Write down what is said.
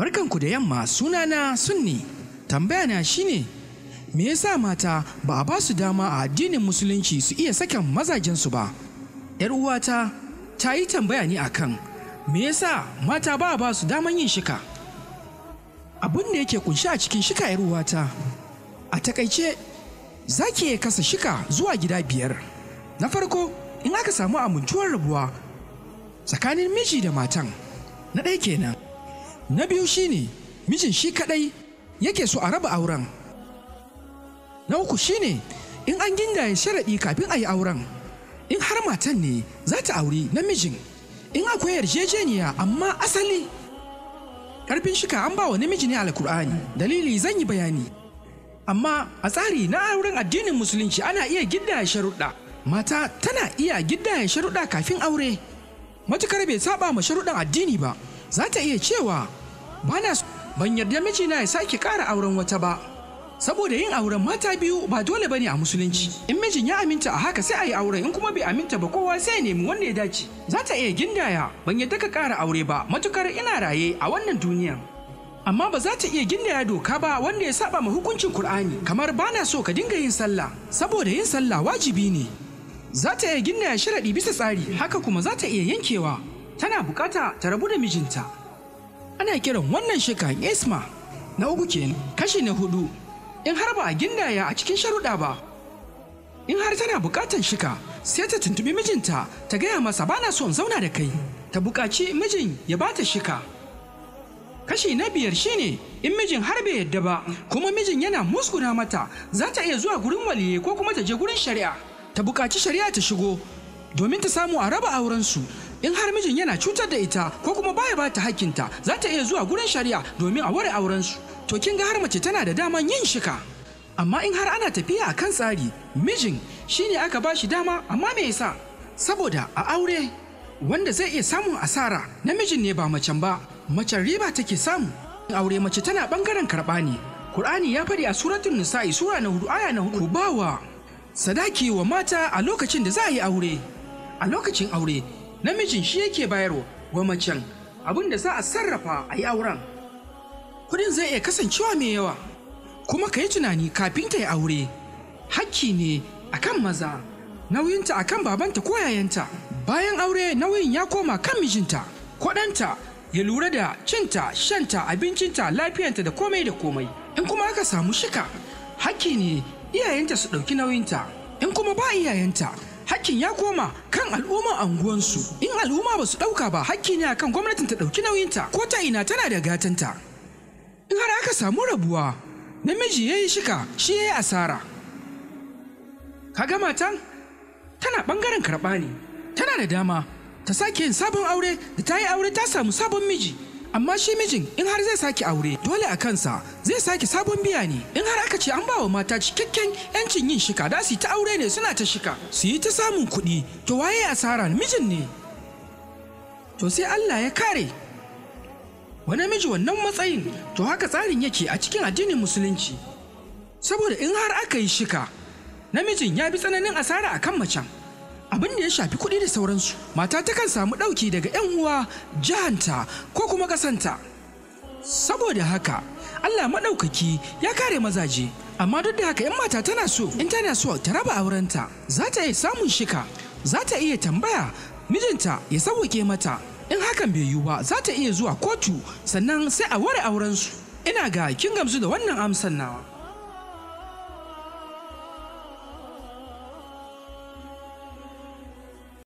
barkanku da yamma sunana sunni tambaya na shine me yasa mata ba a ba su dama a addinin musulunci su iya sakin mazajensu ba yar uwata ta yi tambaya ne kan. me yasa mata ba a ba su daman yin shika abin da yake kunshi a cikin shika yar uwata a takaice za ki iya kasa shika zuwa gida biyar na farko in aka samu amintuwar rabuwa tsakanin miji da matan na ɗaya kenan na biyu shine mijin shi kadai yake so a raba auren na uku shine in an gindaye sharaɗi kafin a yi auren in har matan ne za ta auri mijin. in akwai yarjejeniya amma asali karfin shika an ba wa namiji ne alkur'ani dalili zan yi bayani amma a tsari na auren addinin musulunci ana iya gidda sharuɗa mata tana iya gidda sharuɗa kafin aure matukar bai saba ma sharuɗan addini ba za ta iya cewa bana ban yarda mijina ya sake kara auren wata ba saboda yin auren mata biyu ba dole bane a musulunci in mijin ya aminta a haka sai a yi auren in kuma bai aminta ba kowa sai ya nemi wanda ya dace za ta iya gindaya ban yarda ka kara aure ba matukar ina raye a wannan duniyan amma ba za ta iya gindaya doka ba wanda ya saba ma hukuncin Kur'ani kamar bana so ka dinga yin sallah saboda yin sallah wajibi ne za ta iya gindaya sharaɗi bisa tsari haka kuma za ta iya yankewa tana bukata ta rabu da mijinta ana kiran wannan shekan esma na uku kenan kashi na hudu in har ba a gindaya a cikin sharuɗa ba in har tana buƙatar shika sai ta tuntubi mijinta ta gaya masa bana so in zauna da kai ta buƙaci mijin ya ba bata shika kashi na biyar shine in mijin har bai yadda ba kuma mijin yana muskuna mata za ta iya zuwa gurin waliye ko kuma ta je gurin shari'a ta buƙaci shari'a ta shigo domin ta samu a raba aurensu in har mijin yana cutar da ita ko kuma baya ba ta hakinta za ta iya zuwa gurin shari'a domin a ware auren su to kin ga har mace tana da daman yin shika amma in har ana tafiya a kan tsari mijin shine aka ba shi dama amma me yasa saboda a aure wanda zai iya samun asara namijin ne ba macen ba macen riba take samu In aure mace tana bangaren karɓani. ne Kur'ani ya faɗi a suratul nisa'i sura na hudu aya na hudu bawa sadaki wa mata a lokacin da za a yi aure a lokacin aure namijin shi yake bayarwa wa macen abin da za a sarrafa a yi auren kudin zai iya kasancewa mai yawa kuma ka yi tunani kafin ta yi aure hakki ne akan maza nauyinta akan babanta ko yayanta bayan aure nauyin ya koma kan mijinta kwaɗanta ya lura da cinta shanta abincinta lafiyanta da komai da komai in kuma aka samu shika hakki ne iyayenta su ɗauki nauyinta in kuma ba iyayenta hakkin ya koma kan al'umma anguwansu in al'umma ba su ɗauka ba hakki ne akan gwamnatin ta ɗauki nauyinta ko ta ina tana da gatanta in har aka samu rabuwa namiji ya yi shika shi ya yi asara kaga matan tana ɓangaren karɓa ne tana da dama ta sake yin sabon aure da ta yi aure ta samu sabon miji amma shi mijin in har zai sake aure dole a kansa zai sake sabon biya ne in har aka ce an bawa mata cikakken yancin yin shika da su ta aure ne suna ta shika su yi ta samun kuɗi to waye asara mijin ne to sai Allah ya kare wani miji wannan matsayin to haka tsarin yake a cikin addinin musulunci saboda in har aka yi shika namijin ya bi tsananin asara a kan macen abin da ya shafi kuɗi da sauransu mata ta kan samu ɗauki daga 'yan uwa jihanta ko kuma ƙasanta saboda haka allah maɗaukaki ya kare mazaje amma duk da haka 'yan mata tana so in tana so ta raba aurenta za ta iya samun shika za ta iya tambaya mijinta ya sauwake mata in hakan bai yiwu ba za ta iya zuwa kotu sannan sai a ware aurensu ina ga kin gamsu da wannan amsan nawa